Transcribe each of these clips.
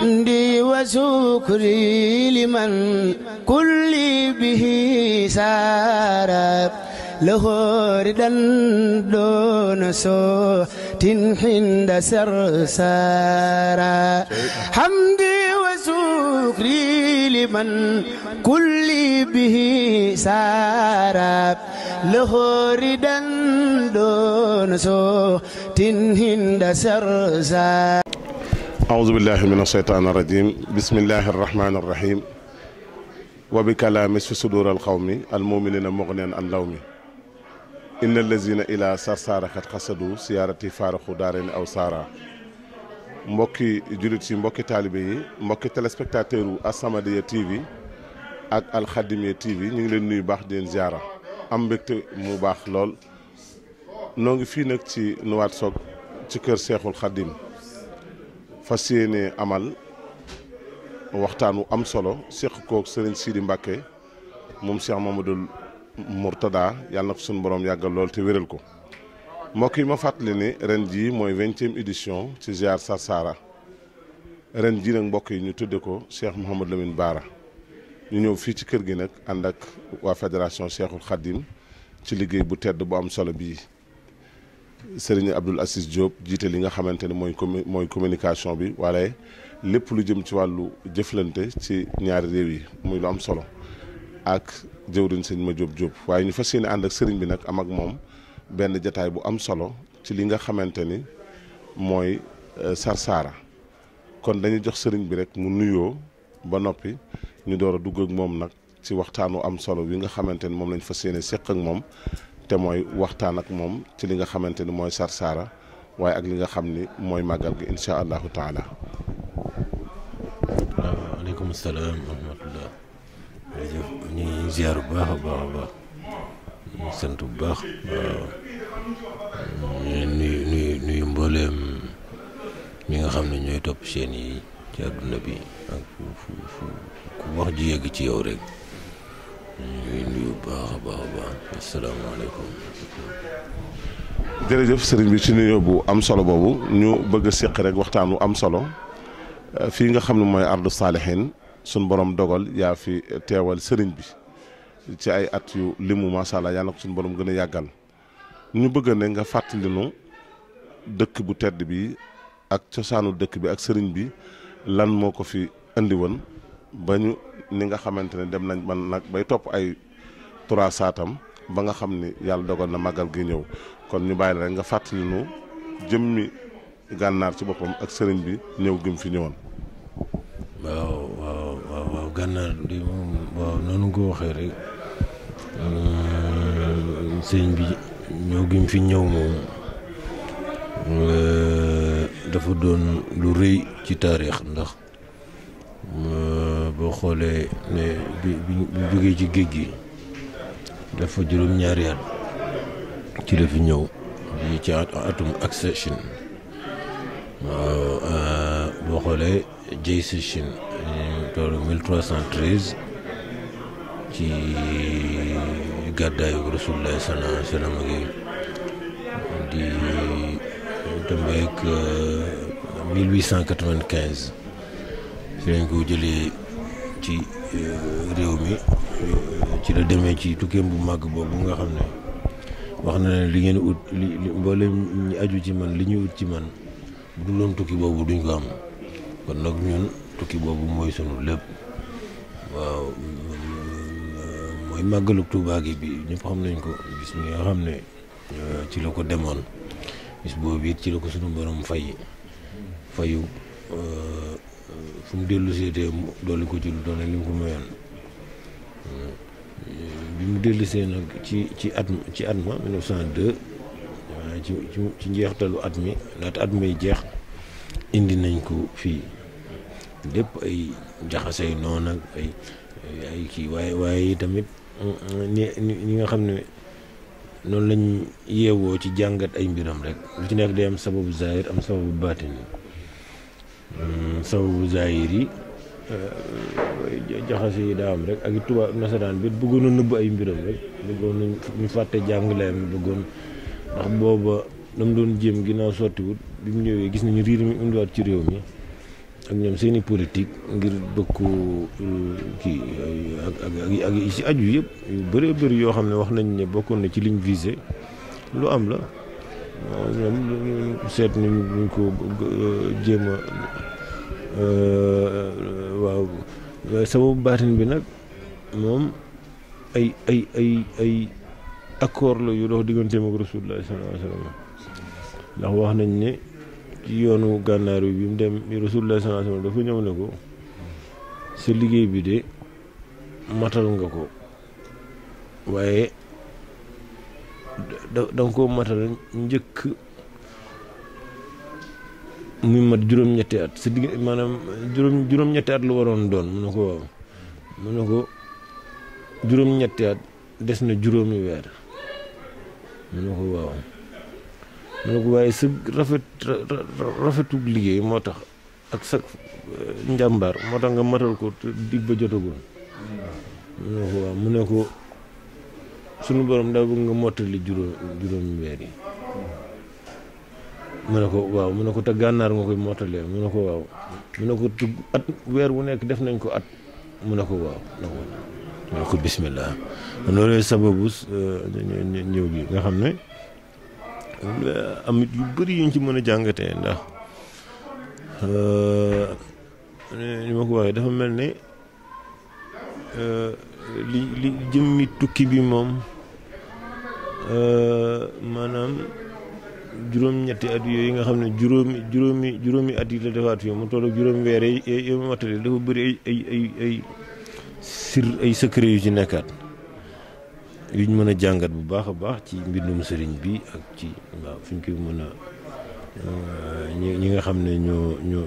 حمدي وشكري لمن كل به سارا له ردا دون صوت حند سرسارا حمدي وشكري لمن كل به سارا له ردا دون صوت حند سرسارا aousubillahi min asheytaan irajim bismillahi arrahmani irrahim wa bi kalaami fi suduur alqawmi almuminina mugneen an law mi inna allazina ila sarsaarakat xasadu siyaarati faaraxu daareni aw saara mbokki jullit yi mbokki taalibe yi mbokki téléspectateur u As-Samadiyya TV ak Al-Khadimiyya TV ñu ngi leen nuyu baax di leen ziara am mbégte mu baax lool noo ngi fii nag ci Nouakchott ci kër Seexul Xadim fas yéene amal waxtaan wu am solo séq koog sëriñ Sidi Mbacke moom Cheikh Mamadou Mourtada yàlla ko suñu borom yàggal lool te wéral ko mbokk yi ma fàttali ni ren jii mooy vingtième édition ci ziar Sarsara ren jii nag mbokk yi ñu tudde ko Cheikh Mouhamadou Lamine Baara ñu ñëw fii ci kër gi nag ànd ak waa fédération Cheikhul Khadim ci liggéey bu tedd bu am solo bii Serigne Abdoul Aziz jóob jiite li nga xamante ne mooy commu mooy communication bi waaye lépp lu jëm ci wàllu jëflante ci ñaari réew yi muy lu am solo ak jëwriñ sëñ ma Diop jóob waaye ñu fas yéene ànd ak sëriñ bi nag am ak moom benn jataay bu am solo ci li nga xamante ni mooy euh, Sarsara kon dañuy jox sëriñ bi rek mu nuyoo ba noppi ñu door a dugg ak moom nag ci waxtaanu am solo wi nga xamante ni moom lañu fas yéene seq ak moom te mooy waxtaan ak moom ci li nga xamante ni mooy sarsaara waaye ak li nga xam ni mooy màggal gi incha allahu taala. waaw aleykum salaam wa rahmatullah. jërëjëf ñu ngi bu baax a mbooleem ñi nga xam ne ñooy topp chaîne yi ci àdduna bi ak fu fu ku wax ji yëgg ci yow rek. ñuy jërëjëf sëriñ bi ci nuyoo bu am solo boobu ñu bëgg a séq rek waxtaan wu am solo euh, fii nga xam ne mooy ardu saalihin suñ boroom dogal yaa fi teewal sëriñ bi ci ay at yu limu macha allah yàlla na ko suñu borom gën a yàggal ñu bëgg ne nga fàttali nu dëkk bu tedd bi ak cosaanu dëkk bi ak sëriñ bi lan moo ko fi indi woon ni nga xamante ne dem nañ man nag bay topp ay trois saatam ba nga xam ni yàlla dogal na màggal gi ñëw kon ñu bàyyi la rek nga fàttali nu jëmmi gànnaar ci boppam ak sëriñ bi ñëw gi fi ñëwoon. waaw waaw rek euh, sëriñ bi ñëw gëm fi ñëw moom euh, dafa doon lu rëy ci taarix ndax. Euh, boo xoolee ne bi bi jógee ci géej gi dafa juróom-ñaari at ci la ñëw bi ci euh, boo xoolee jay session toll 1313 ci gàddaayu rasulullah sallallahu alayhi gi di tombeek 1895 si lañ ko jëlee ci euh, réew mi euh, ci la demee ci tukkeem bu màgg boobu nga xam ne wax na ne li ngeen ut li mboolem aju ci man li ñu ut ci man bu du loon tukki boobu duñ ko am kon nag ñun tukki boobu mooy sunu lépp waaw mooy màggalu Tuubaa bi ñëpp xam nañ ko bis mi nga xam ne euh, ci la ko demoon bis boobu it ci la ko sunu borom fay fayu fu mu dellu seetee doole ko ci lu doon li mu ko mayoon bi mu dellu nag ci ci at ci at ma 1902 ci njeextalu at mi laata at may jeex indi nañ ko fii lépp ay jaxase yu noonu ak ay ay waaye waaye tamit ñi ñi nga xam ne noonu lañ yeewoo ci jàngat ay mbiram rek lu ci nekk day am sababu zahir am sababu baatin sababu zahir yi euh, jaxase yi daa am rek ak tubaab nasaraan bi bëggoon nëbb ay mbiram rek bëggoon ñu fàtte jàngaleem bëggoon ndax booba dam doon jéem ginnaaw sottiwut bi mu ñëwee gis nañu riir mi indiwaat ci réew mi ak ñoom seeni politique ngir bëggu euh, ki ak ak ak ci aju yëpp yu bëree bëri yoo xam ne wax nañ ne bokkoon na ci liñ visé lu am la ñoom seet nañ ñu ko euh, jéem a euh, waaw sababu baatin bi nag moom ay ay ay ay accord la yu dox digganteem ak rasulullah sallallahu alayhi wa ndax wax nañ ne ci yoonu gànnaar bi bi mu dem rasulullah sallallahu alayhi wa dafa ñëw ne ko sa liggéey bi de matal nga ko waaye da nga koo matal njëkk muy mat juróom-ñetti at digg maanaam juróom juróom-ñetti lu waroon doon mu ne ko waaw mu ne ko juróom-ñetti at des na juróomi weer mu ne ko waaw mu ne rafet rafetug liggéey moo tax ak sa moo tax nga matal ko dig jotagul mm. ko sunu borom daa bëgg nga mottali juróom juróomi weer yi mu ne ko waaw mu ne ko te gànnaar nga koy mottalee mu ne ko waaw mu ne ko tugg at weer wu nekk def nañ ko at mu ne ko waaw mu ne ko bismillah loolu sababu euh, nga xam ne amit yu bëri yuñ ci mën a jàngatee ndax li euh, dafa mel ne euh, li li jëmmi tukki bi moom Euh, maanaam juróom-ñetti at yooyu nga xam ne juróomi juróomi juróomi at yi la defaat fii mu toll juróom weer yi yow matali dafa bëri ay ay ay ay sir ay secret yu ci nekkaat yuñ mën a jàngat bu baax a baax ci mbindum sëriñ bi ak ci waaw fi ñu koy mën a euh, ñi nga xam ne ñoo ñoo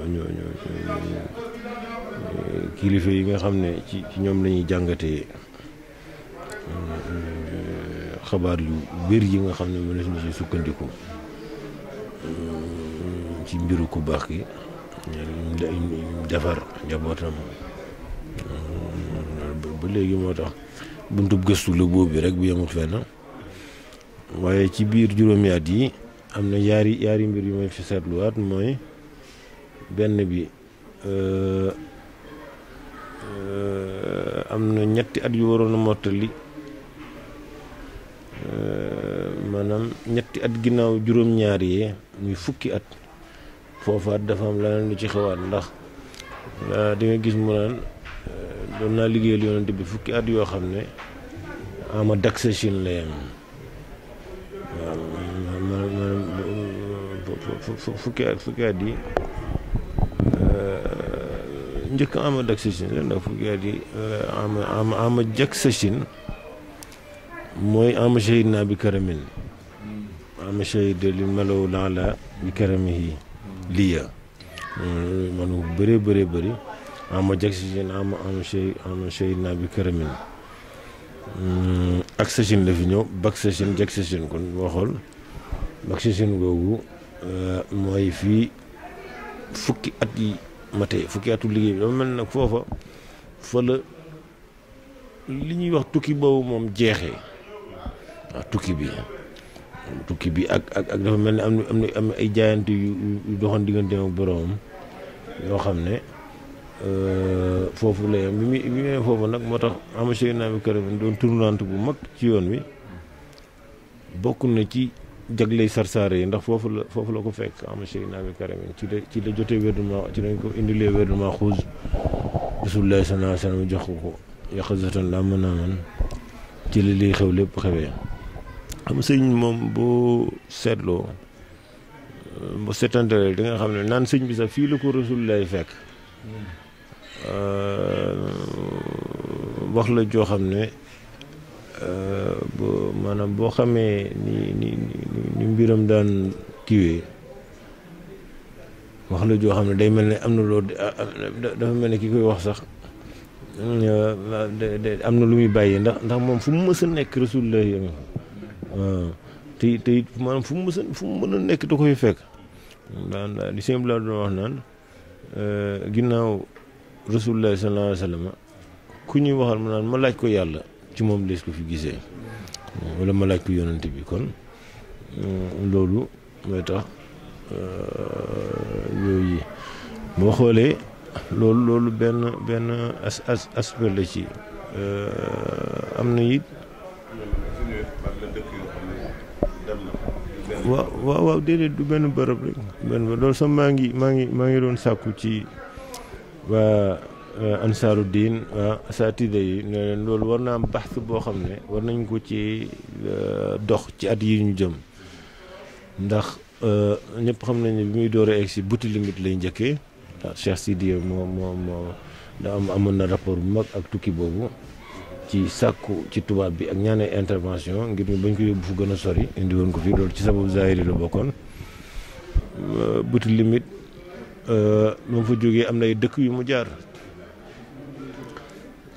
yi nga xam ne ci ñoom lañuy jàngatee euh, xabaar yu wér yi nga xam ne mënees na si sukkandiku euh, ci mbiru ku baax gi defar njabootam euh, ba léegi moo tax buntub gëstu la boobu rek bu yemut fenn waaye ci biir juróomi at yi am na yaari yaari mbir yu may fi seetluwaat mooy benn bi euh, am na ñetti at yu waroon a mottali ñetti at ginnaaw juróom-ñaar yi muy fukki at foofaat dafa am leneen lu ci xewaat ndax euh, di gis mu naan euh, doon naa liggéeyal yonent bi fukki at yoo xam ne ama daksa Chine la yem fukki at yi euh, njëkk ama daksa Chine la ndax fukki at mooy ama shahid naa bi karamin mashahida li melaw lan la bi karamihi liya man ko bëree bëree bëri ama jag si sin ama ama shay ama shay naa bi karamin ak hmm, sachin la fi ñëw bak sachin jag sachin kon waxool bak sachin googu mooy fii fukki at yi matee fukki atu liggéey bi dafa mel nag foofa fa la li ñuy wax tukki boobu moom jeexee waaw tukki bi tukki bi ak ak dafa mel ni am na am na ay jaayante yu yu doxoon diggante ak boroomam yoo xam ne euh, foofu la yem bi muy foofu nag moo tax amasé naa bi kër doon tournante bu mag ci yoon wi bokk na ci jagley sarsaare yi ndax la foofu la ko fekk amasé naa bi kër ci la ci la jotee wérduma ci lañ ko indilee wérduma xuus rasulullah sallallahu alayhi jox ko ko yàq satan la mën naa man ci li liy xew lépp xewee. xam sëñ moom boo seetloo bu setantalee di nga xam ne naan sëñ bi sax fii la ko rasul lay fekk wax la joo xam ne maanaam boo xamee ni ni ni mbiram daan kiwee wax la joo xam ne day mel ne am na loolu dafa mel ne ki koy wax sax am na lu muy bàyyi ndax ndax moom fu mu mës a nekk rasul lay te te it maanaam fu mu mës fu mu mën a nekk da koy fekk daan li sëñ bi laa doon wax naan euh, ginnaaw rasulullah sallallahu alayhi ñuy waxal ma naan ma laaj ko yàlla ci moom lees ko fi gisee ma laaj ko yonante bi euh, loolu mooy tax euh, yooyu boo xoolee loolu loolu benn benn as as aspect la ci am na it waaw waaw waaw déedéet du benn bërëb rek benn bërëb loolu sax maa ngi maa ngi maa ngi doon sàkku ci waa euh, diin waa saatida yi ne leen loolu war naa am baxs boo xam ne war nañ ko ci euh, dox ci at yi ñu jëm ndax euh, ñëpp xam nañ ne bi muy door a egg si buti limite lay njëkkee Cheikh Sidiya moo moo moo da am amoon na rapport bu mag ak tukki boobu ci sàkku ci tubaab bi ak ñaanee intervention ngir ñu bañ ko yóbbu fu gën a sori indi woon ko fii loolu ci sababu zahiri lu bokkoon euh, buti limit euh, ba mu fa jógee am na ay dëkk yu mu jaar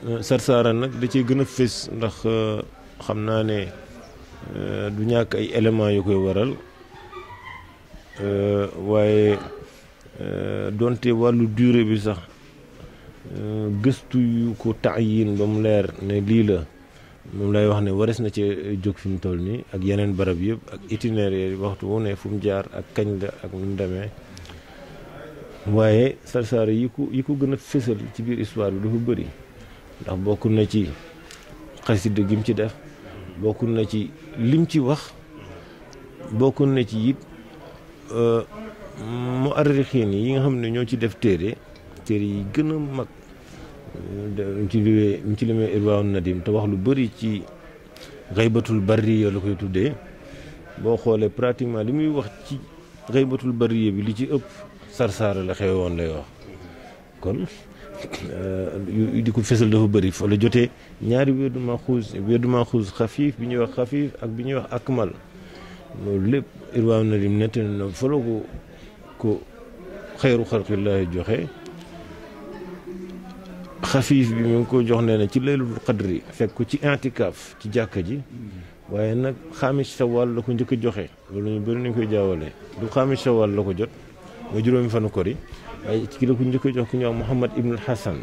euh, sarsaara nag da cee gën a fés ndax xam naa ne du ñàkk ay éléments yu koy waral waaye donte wàllu durée bi sax Euh, gëstu yu ko taayin ba mu leer ne lii la moom lay wax ne wares na ci jóg fi mu toll nii ak yeneen barab yëpp ak itinéraire yi waxtu wu ne fu mu jaar ak kañ la ak nu demee waaye Sarsara yi ko yi ko gën a fësal ci biir histoire bi dafa bëri ndax bokk na ci xasida gi mu ci def bokk na ci lim ci wax bokk na ci it euh, mu arrixiin yi nga xam ne ñoo ci def téere acteurs yi gën a mag ci liwee ci limee Nadim te wax lu bëri ci xaybatul barriya la koy tuddee boo xoolee pratiquement li muy wax ci xaybatul bari bi li ci ëpp sarsaara la xew woon lay wax kon euh, di ko fesal dafa bëri fa la jotee ñaari wérdu maxuus wérdu maxuus xafiif bi ñuy wax xafiif ak bi ñuy wax akmal loolu lépp Irwaawu Nadim nett na fa la ko ko xayru xalqillaahi joxe xafiif bi mi ngi ko jox nee na ci laylul qadri fekk ko ci intikaaf ci jàkka ji waaye nag xaamis sawaal la ko njëkk joxe loolu ñu bëri nañ koy jaawalee du xaamis sawaal la ko jot mooy juróomi fanu kori waaye ci la ko njëkk a jox ñu ñëw Mouhamad Ibnul Hassan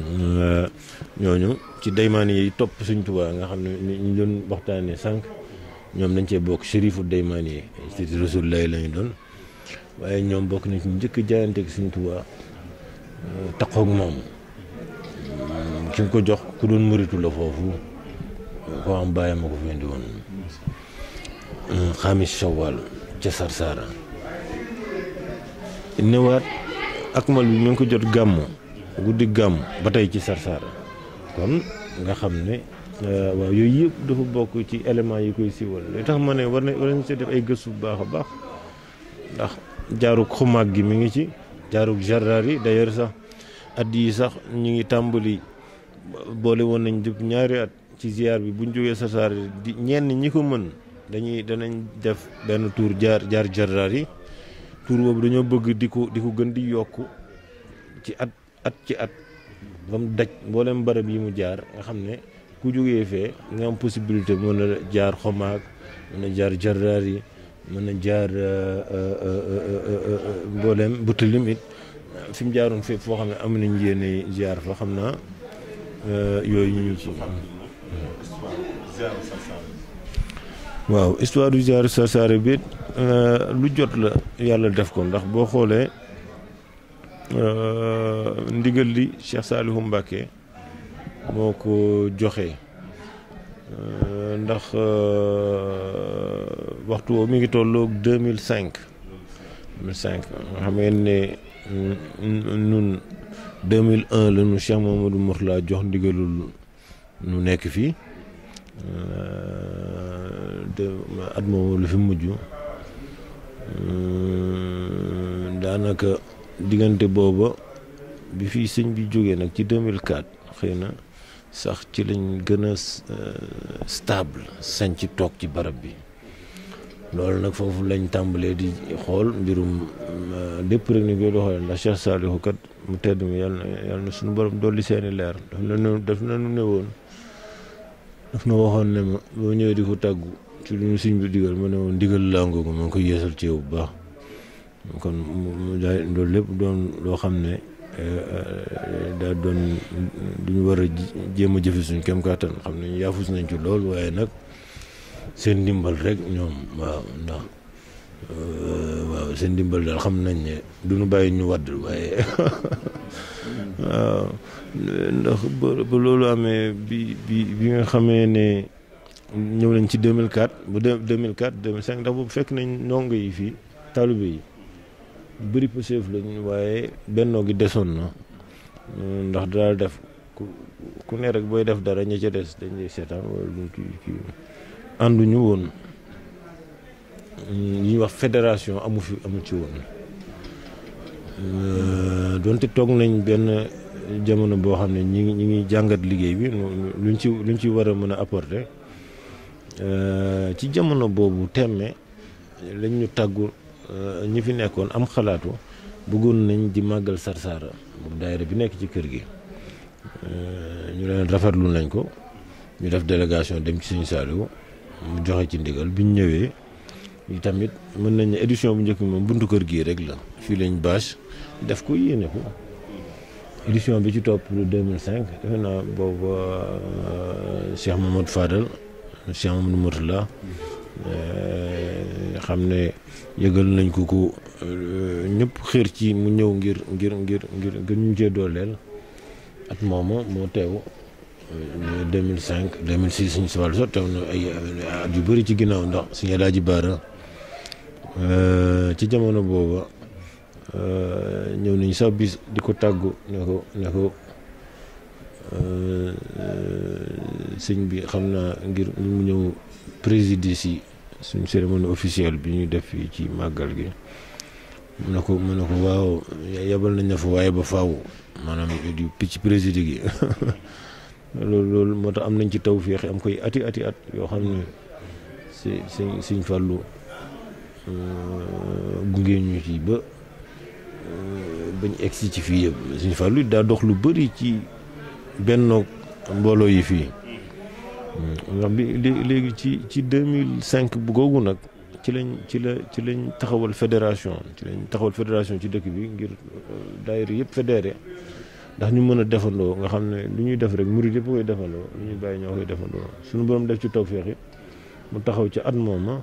euh, ñooñu ci daymaan yi topp Sëñ Tuubaa nga xam ne ñu doon waxtaanee sànq ñoom dañ cee bokk shérifu daymaan yi ci Rasulullaay la ñu doon waaye ñoom bokk nañ ci njëkk a suñu Sëñ taqoog moom ko jox doon mëritu la ko am bàyyi ma ko fi indi woon xamis bi mi ngi ko jot gàmm guddi gàmm ba tey ci sarsara kon nga xam ne euh, waaw yooyu yëpp dafa bokk ci éléments yi koy siiwal li tax ma ne war na war nañu see def ay gëstu bu baax a baax ndax jaaruk xumaag gi mi ngi ci jaarug jarrar yi d'ailleurs sax at yi sax ñu ngi tàmbali boole woon nañ dëpp ñaari at ci ziar bi buñ jógee Sarsara di ñenn ñi ko mën dañuy danañ def benn tuur jaar jaar jarrar yi tour boobu dañoo bëgg di ko di ko gën di yokku ci at at ci at ba mu daj mboolem barab yi mu jaar nga xam ne ku jógee fee nga am possibilité mën a jaar xomaag mën a jaar jarrar yi mën na jaar euh, euh, euh, mboolem Boutilim it fi mu jaaroon foo xam ne am nañ yéene ziar fa xam naa yooyu ñu ngi ci. waaw histoire du ziaru Sarsara bi lu jot la yàlla def ko ndax boo xoolee ndigal li Cheikh Saliou Mbacké moo ko joxe. ndax euh, waxtu woowu mi ngi tolloog 2005. 2005 xam ngeen ne ñun 2001 la ñu Cheikh Mamadou Mourtala jox ndigalul ñu nekk fii te euh, at moomu lu fi mujj euh, daanaka diggante booba bi fii sëñ bi jógee nag ci 2004 xëy na. sax ci lañ gën a euh, stable sañ ci toog ci barab bi loolu nag foofu lañ tàmbalee di xool mbirum euh, lépp rek ni koy doxalee ndax Cheikh Saliou kat mu tedd mi yàlla na yàlla na suñu borom dolli seeni leer daf na nu daf na nu ne woon daf na waxoon ne ma boo ñëwee di ko tàggu ci lu ñu siñ bi digal ma ne woon ndigal làngoogu ma ngi koy yeesal ci yow bu baax kon loolu lépp doon loo xam ne Euh, euh, daa doon duñu war a jéem a jëfe suñ kem kàttan xam nañ yaafus nañ ci lool waaye nag seen ndimbal rek ñoom waaw ndax euh, waaw seen ndimbal daal xam nañ ne duñu bàyyi ñu wadd waaye waaw ndax ba loolu amee bi bi bi nga xamee ne ñëw nañ ci 2004 bu 2004 cinq ndax boobu fekk nañ ndongo yi fii taalibe yi bëri pëseef lañ waaye bennoo gi desoon na ndax daal def ku ne rek booy def dara ñi ca des dañ lay seetaan wala duñ kii woon ñuy wax fédération amu fi amu ci woon euh, doonte toog nañ benn jamono boo xam ne ñi ngi ñi ngi jàngat liggéey bi luñ ci luñ ci war a mën a apporter euh, ci jamono boobu temme lañ ñu tàggu Euh, ñi fi nekkoon am xalaatu bëggoon nañ di màggal Sarsara boobu bi nekk ci kër gi euh, ñu leen rafetlu nañ ko ñu def délégation dem ci Serigne Saliou mu joxe ci ndigal bi ñu ñëwee tamit mën nañ ne édition bu njëkk moom buntu kër gi rek la fii lañ bâche def ko yéene ko édition bi ci topp 2005 defe naa boobu euh, Cheikh Mamadou Fadal Cheikh Mamadou Mourtala Eh, xam ne yëgal nañ ko ko eh, ñëpp xër ci mu ñëw ngir ngir ngir ngir ngir ñu cee dooleel at moomu moo teew 2005 eh, 2006 suñu si wàllu sot teew na ay at yu bëri ci ginnaaw ndax suñu Alaaji Baara ci jamono booba ñëw nañu sax bis di ko tàggu ne ko ne ko sëñ bi xam naa ngir mu ñëw présider si suñ cérémonie officielle bi ñuy def fii ci màggal gi mu ne ko mu ne ko waaw yebal nañ na fa waaye ba faaw maanaam di picc président gi loolu loolu moo tax am nañ ci taw féexe am koy ati ati at yoo xam ne si siñ siñ fàllu euh, gunge ñu ci ba euh, bañ si ci fii yëpp siñ fàllu daa dox lu bari ci benn mbooloo yi fii ndax bi léegi ci ci 2005 bu googu nag ci lañ ci la ci lañ taxawal fédération ci lañ taxawal fédération ci dëkk bi ngir euh, daayira yëpp fédéré ndax ñu mën a defandoo nga xam ne lu ñuy def rek murid yëpp koy defandoo lu ñuy bàyyi ñoo koy defandoo suñu borom def ci tawféex yi mu taxaw ci at mooma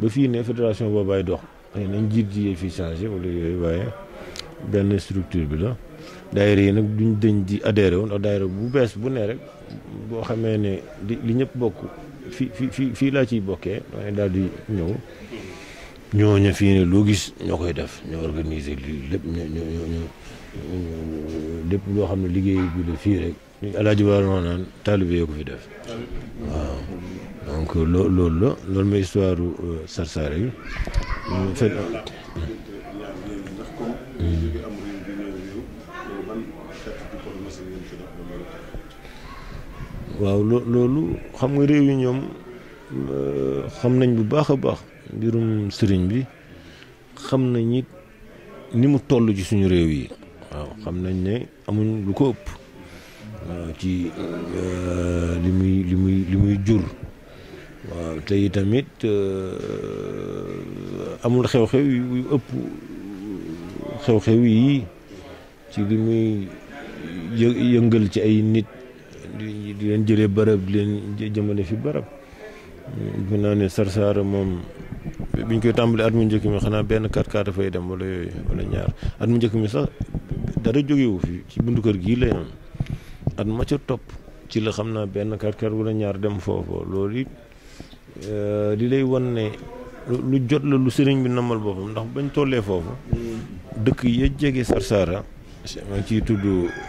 ba fii ne fédération boobaay dox xëy nañ njiit ji fii changé wala yooyu waaye benn structure bi la daayira yi nag duñ deñ di adhéré wu ndax daayira bu bees bu ne rek boo xamee ne li ñépp bokk fi fi fi fii laa ciy bokkee damay daal di ñëw ñooña fii ne loo gis ñoo koy def ñoo organiser lii lépp ñu ñu lépp loo xam ne liggéey bi la fii rek alaaji waar noo naan taalibe yoo ko fi def waaw donc loo loolu la loolu mooy histoire euh, Sarsara yi waaw loolu xam nga réew yi ñoom euh, xam nañ bu baax a baax mbirum sëriñ bi xam nañ it ni mu toll ci suñu réew yi waaw xam nañ ne amuñ lu ko ëpp waaw ci euh, li muy li muy jur waaw te itamit euh, amul xew-xew yu ëpp xew-xew yi ci li muy yëngal ci ay nit di leen jëlee bërëb leen jëmale fi barab bu naa ne Sarsara moom biñ koy tàmbali at mu njëkk mi xanaa benn kat kat dafay dem wala yooyu wala ñaar at mu njëkk mi sax dara jógewu fi ci buntu kër gi la yam at ma topp ci la xam naa benn kat kat wala ñaar dem foofu loolu it euh, li lay wan ne lu jot la lu sëriñ bi namal boppam ndax bañ tollee foofu dëkk ya jege Sarsara maa ngi ciy tudd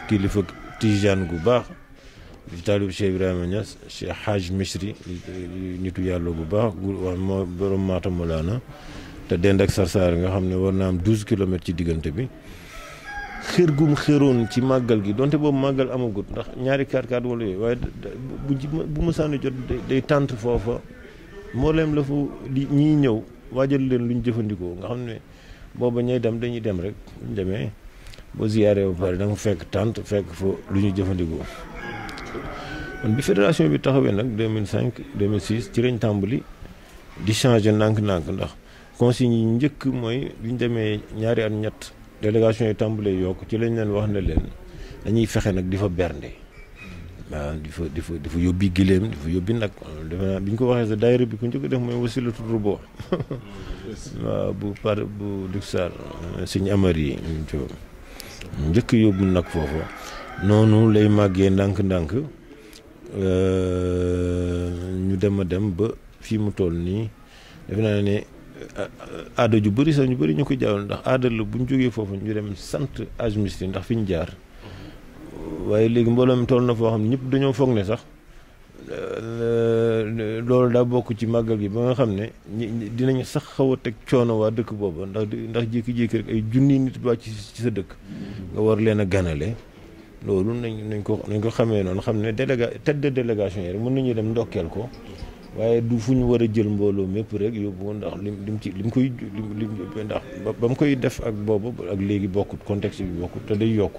kilifa Tijaan gu baax di taalib Cheikh Ibrahima Niass Cheikh Hadj Misri nitu yàlla bu baax wax moo borom Maata na te dend ak Sarsara nga xam ne war naa am douze kilomètres ci diggante bi xër gum xëroon ci màggal gi donte boobu màggal amagut ndax ñaari kaat kaat wala yooyu waaye bu bu sànni jot day tànt foofa mbooleem la fu di ñiy ñëw waajal leen luñ jëfandikoo nga xam ne booba ñay dem dañuy dem rek buñ demee boo ziyaaree ba pare da fekk tant fekk fa lu ñu jëfandikoo kon bi fédération bi taxawee nag 2005 2006 ci lañ tàmbali di changé ndànk-ndànk ndax consignes yi njëkk mooy bi ñu demee ñaari at ñett délégation yi tàmbalee yokk ci lañ leen wax na leen dañuy fexe nag di fa bernde waaw di fa di fa di fa yóbbi gileem di fa yóbbi nag defe bi ñu ko waxee sa daayira bi ku njëkk def mooy wasilatu rubo waaw bu par bu Luxar sëñ Amar yi njëkk yóbbu nag foofu noonu lay màggee ndànk-ndànk euh, ñu dem a dem ba fii mu toll nii def naa ne euh, aada ju bari sax ñu bari ñu ko jaawal ndax aada la bu ñu jógee foofu ñu dem sant Agmistine ndax fi ñu jaar waaye léegi mbooloo mi toll na foo xam ne ñëpp dañoo foog ne sax euh, loolu daa bokk ci màggal gi ba nga xam ne dinañ sax xaw a teg coono waa dëkk booba ndax ndax jékki-jékki rek ay junni nit wàcc ci sa dëkk nga war leen a ganale loolu nañ nañ ko nañ ko xamee noonu xam ne déléga tête de délégation yi mën nañu dem ndokkeel ko waaye du fu ñu war a jël mbooloo mépp rek yóbbu ndax li lim ci lim koy li ndax ba mu koy def ak boobu ak léegi bokkut contexte bi bokkut te day yokk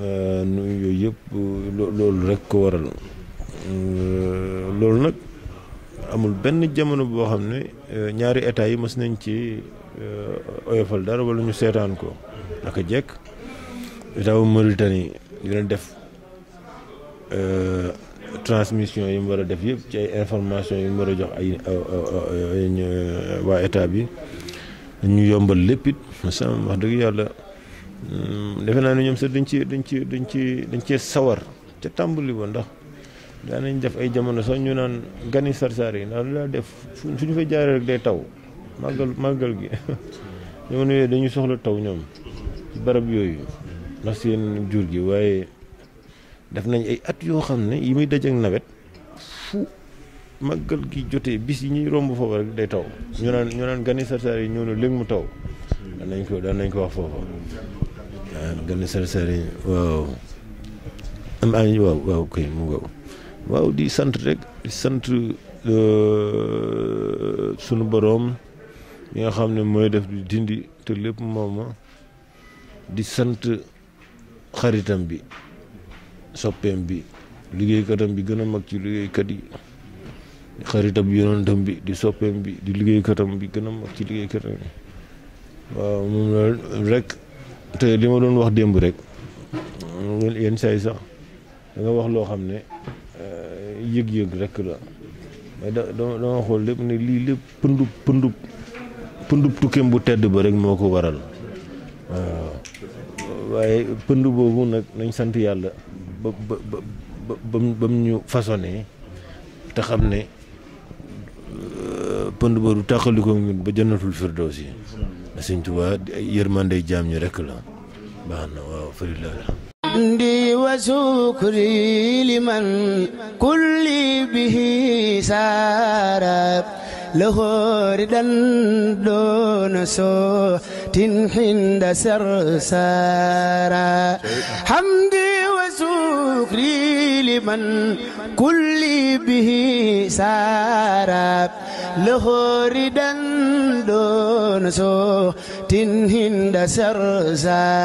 euh, nu yooyu yëpp loolu rek ko waral euh, loolu nag amul benn jamono boo xam ne euh, ñaari état yi mas nañ ci oyofal dara wala ñu seetaan ko naka jekk réew Mauritanie dina def euh, transmission yi mu war a def yëpp ci ay information yi mu war a jox ay euh, euh, waa état bi dañu yombal lépp it sam wax dëgg yàlla hmm, defe naa ni ñoom sax dañ ci dañ ci dañ ci dañ cee sawar ca tàmbali ba ndax nañ def ay jamono sax ñu naan gani sarsaar yi ndax lu laa def suñu fay jaaree rek day taw màggal màggal gi jamono yooyu dañuy soxla taw ñoom ci barab yooyu ndax seen jur gi waaye def nañ ay at yoo xam ne yi muy dajeek nawet fu màggal gi jotee bis yi ñuy romb foofu rek day taw ñu naan ñu naan gani sarsaar yi ñëw na léegi mu taw daan nañ ko daan nañ ko wax foofa gani sarsaar waaw di sant rek sant euh, sunu boroom yi nga xam ne mooy def di dindi te lépp moom ma di sant xaritam bi soppeem bi liggéeykatam bi gën a mag ci liggéeykat yi xaritam yonentam bi di soppeem bi di liggéeykatam bi gën a mag ci liggéeykatam bi waaw moom loolu rek te li ma doon wax démb rek yenn saay sax da wax loo xam ne euh, yëg-yëg rek la mais da dama xool lépp ne lii lépp pëndub pëndub tukkeem bu tedd ba rek moo ko waral waaye pënd boobu nag nañ sant yàlla ba ba ba ba mu ñu façonné te xam ne euh, pënd boobu du tàqalikoo ñun ba jënnatul firdoos yi sëñ Tuubaa yërmande jaam ñi rekk la baax waaw farilaala hamdi wa sukri liman kulli bihi saara لغوردا دون صوت حند سرسارا حمدي وسكري لمن كل به سارا لغوردا دون صوت حند سرسارا